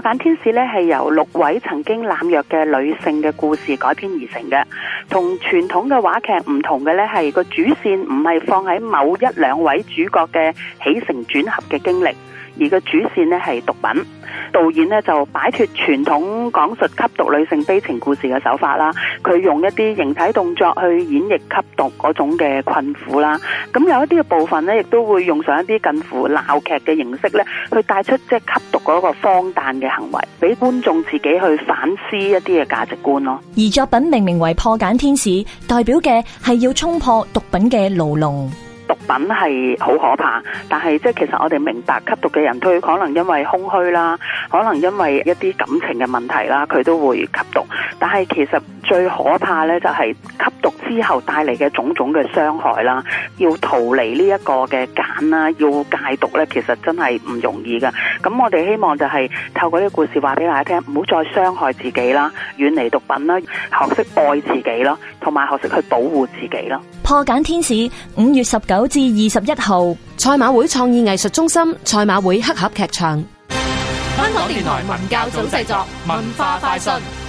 《破繭天使》咧係由六位曾經濫藥嘅女性嘅故事改編而成嘅，傳同傳統嘅話劇唔同嘅咧係個主線唔係放喺某一兩位主角嘅起承轉合嘅經歷，而個主線呢係毒品。導演咧就擺脫傳統講述吸毒女性悲情故事嘅手法啦，佢用一啲形體動作去演繹吸毒嗰種嘅困苦啦，咁有一啲嘅部分咧，亦都會用上一啲近乎鬧劇嘅形式咧，去帶出即係吸毒嗰個荒誕嘅行為，俾觀眾自己去反思一啲嘅價值觀咯。而作品命名，名為《破繭天使》，代表嘅係要衝破毒品嘅牢籠。毒品係好可怕，但係即其實我哋明白吸毒嘅人，佢可能因為空虛啦，可能因為一啲感情嘅問題啦，佢都會吸毒，但係其實。最可怕咧，就係吸毒之後帶嚟嘅種種嘅傷害啦。要逃離呢一個嘅繭啦，要戒毒咧，其實真係唔容易噶。咁我哋希望就係透過呢個故事話俾大家聽，唔好再傷害自己啦，遠離毒品啦，學識愛自己啦，同埋學識去保護自己啦。破繭天使，五月十九至二十一號，賽馬會創意藝術中心，賽馬會黑盒劇場。香港電台文教組製作，文化快訊。